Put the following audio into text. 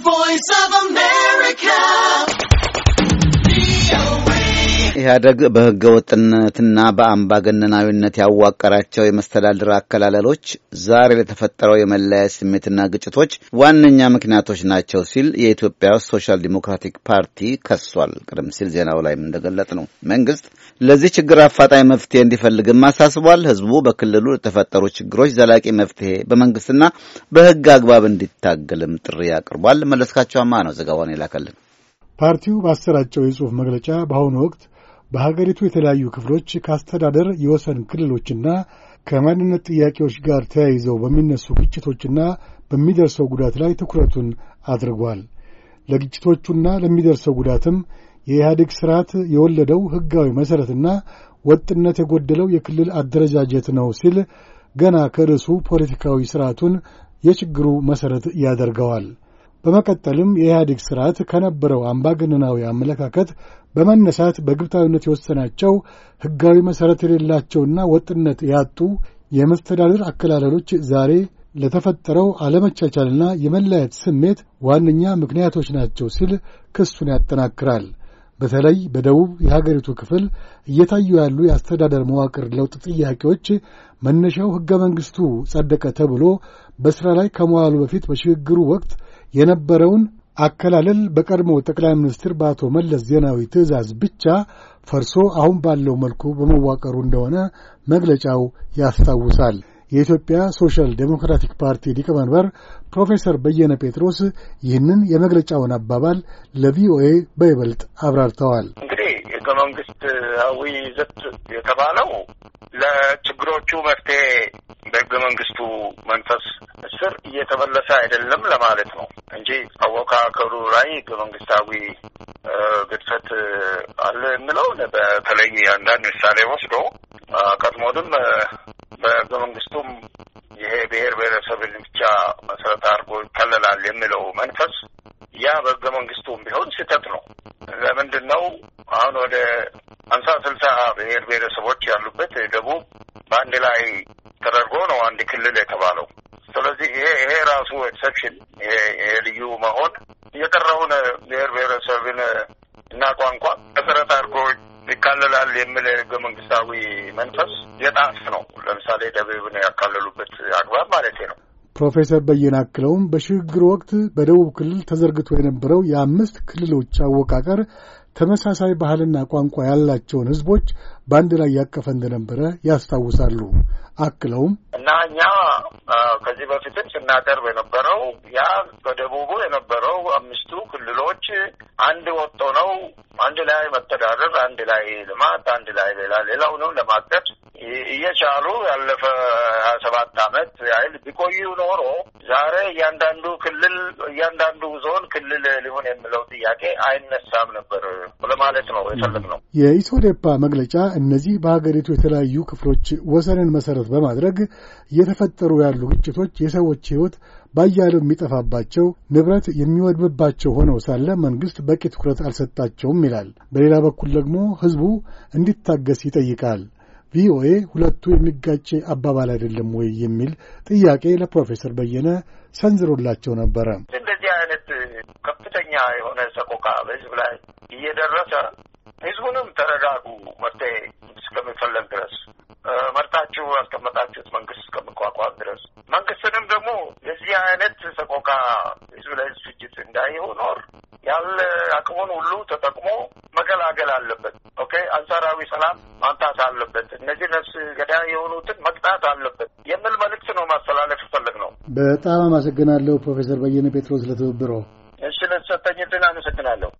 voice of a man. ኢህአደግ በህገ ወጥነትና በአምባገነናዊነት ያዋቀራቸው የመስተዳድር አከላለሎች ዛሬ ለተፈጠረው የመለያየት ስሜትና ግጭቶች ዋነኛ ምክንያቶች ናቸው ሲል የኢትዮጵያ ሶሻል ዲሞክራቲክ ፓርቲ ከሷል። ቅድም ሲል ዜናው ላይም እንደገለጥ ነው መንግስት ለዚህ ችግር አፋጣኝ መፍትሄ እንዲፈልግም አሳስቧል። ህዝቡ በክልሉ ለተፈጠሩ ችግሮች ዘላቂ መፍትሄ በመንግስትና በህግ አግባብ እንዲታገልም ጥሪ አቅርቧል። አማ ነው ዘገባውን የላከልን። ፓርቲው ባሰራጨው የጽሑፍ መግለጫ በአሁኑ ወቅት በሀገሪቱ የተለያዩ ክፍሎች ከአስተዳደር የወሰን ክልሎችና ከማንነት ጥያቄዎች ጋር ተያይዘው በሚነሱ ግጭቶችና በሚደርሰው ጉዳት ላይ ትኩረቱን አድርጓል። ለግጭቶቹና ለሚደርሰው ጉዳትም የኢህአዴግ ስርዓት የወለደው ሕጋዊ መሠረትና ወጥነት የጎደለው የክልል አደረጃጀት ነው ሲል ገና ከርዕሱ ፖለቲካዊ ስርዓቱን የችግሩ መሠረት ያደርገዋል። በመቀጠልም የኢህአዴግ ስርዓት ከነበረው አምባገነናዊ አመለካከት በመነሳት በግብታዊነት የወሰናቸው ሕጋዊ መሠረት የሌላቸውና ወጥነት ያጡ የመስተዳድር አከላለሎች ዛሬ ለተፈጠረው አለመቻቻልና የመለያየት ስሜት ዋነኛ ምክንያቶች ናቸው ሲል ክሱን ያጠናክራል። በተለይ በደቡብ የሀገሪቱ ክፍል እየታዩ ያሉ የአስተዳደር መዋቅር ለውጥ ጥያቄዎች መነሻው ሕገ መንግሥቱ ጸደቀ ተብሎ በሥራ ላይ ከመዋሉ በፊት በሽግግሩ ወቅት የነበረውን አከላለል በቀድሞ ጠቅላይ ሚኒስትር በአቶ መለስ ዜናዊ ትእዛዝ ብቻ ፈርሶ አሁን ባለው መልኩ በመዋቀሩ እንደሆነ መግለጫው ያስታውሳል። የኢትዮጵያ ሶሻል ዴሞክራቲክ ፓርቲ ሊቀመንበር ፕሮፌሰር በየነ ጴጥሮስ ይህንን የመግለጫውን አባባል ለቪኦኤ በይበልጥ አብራርተዋል። እንግዲህ ሕገ መንግስታዊ ይዘት የተባለው ለችግሮቹ መፍትሄ በህገ መንግስቱ መንፈስ ስር እየተመለሰ አይደለም ለማለት ነው። እንጂ አወቃቀሩ ላይ ህገ መንግስታዊ ግድፈት አለ የምለው በተለይ አንዳንድ ምሳሌ ወስዶ ቀድሞንም በህገ መንግስቱም ይሄ ብሔር ብሔረሰብን ብቻ መሰረት አድርጎ ይከለላል የሚለው መንፈስ ያ በህገ መንግስቱም ቢሆን ስህተት ነው። ለምንድን ነው አሁን ወደ ሃምሳ ስልሳ ብሔር ብሔረሰቦች ያሉበት ደቡብ በአንድ ላይ ተደርጎ ነው አንድ ክልል የተባለው። ስለዚህ ይሄ ይሄ ራሱ ኤክሰፕሽን ይሄ ልዩ መሆን የቀረውን ብሔር ብሔረሰብን እና ቋንቋ መሰረት አድርጎ ይካለላል የሚል ህገ መንግስታዊ መንፈስ የጣስ ነው። ለምሳሌ ደቡብን ያካለሉበት አግባብ ማለት ነው። ፕሮፌሰር በየነ አክለውም በሽግግር ወቅት በደቡብ ክልል ተዘርግቶ የነበረው የአምስት ክልሎች አወቃቀር ተመሳሳይ ባህልና ቋንቋ ያላቸውን ህዝቦች በአንድ ላይ ያቀፈ እንደነበረ ያስታውሳሉ። አክለውም እና እኛ ከዚህ በፊትም ስናቀርብ የነበረው ያ በደቡቡ የነበረው አምስቱ ክልሎች አንድ ወጥቶ ነው አንድ ላይ መተዳደር፣ አንድ ላይ ልማት፣ አንድ ላይ ሌላ ሌላውንም ለማቀፍ እየቻሉ ያለፈ ሀያ ሰባት አመት ያህል ቢቆዩ ኖሮ ዛሬ እያንዳንዱ ክልል እያንዳንዱ ዞን ክልል ሊሆን የሚለው ጥያቄ አይነሳም ነበር ለማለት ነው የፈለግ ነው። የኢሶዴፓ መግለጫ እነዚህ በሀገሪቱ የተለያዩ ክፍሎች ወሰንን መሰረት በማድረግ እየተፈጠሩ ያሉ ግጭቶች የሰዎች ህይወት ባያለው የሚጠፋባቸው ንብረት የሚወድምባቸው ሆነው ሳለ መንግስት በቂ ትኩረት አልሰጣቸውም ይላል። በሌላ በኩል ደግሞ ህዝቡ እንዲታገስ ይጠይቃል። ቪኦኤ ሁለቱ የሚጋጭ አባባል አይደለም ወይ የሚል ጥያቄ ለፕሮፌሰር በየነ ሰንዝሮላቸው ነበረ። እንደዚህ አይነት ከፍተኛ የሆነ ሰቆቃ በህዝብ ላይ እየደረሰ ህዝቡንም ተረጋጉ፣ መፍትሄ እስከሚፈለግ ድረስ መርታችሁ ያስቀመጣችሁት መንግስት እስከሚቋቋም ድረስ መንግስትንም ደግሞ የዚህ አይነት ሰቆቃ ህዝብ ለህዝብ ፍጅት እንዳይሆኖር ያለ አቅሙን ሁሉ ተጠቅሞ መገላገል አለበት። ኦኬ አንጻራዊ ሰላም ማምጣት አለበት። እነዚህ ነፍስ ገዳ የሆኑትን መቅጣት አለበት የሚል መልእክት ነው ማስተላለፍ ይፈልግ ነው። በጣም አመሰግናለሁ ፕሮፌሰር በየነ ጴጥሮስ ለትብብሮ። እሺ ለተሰጠኝ ዕድል አመሰግናለሁ።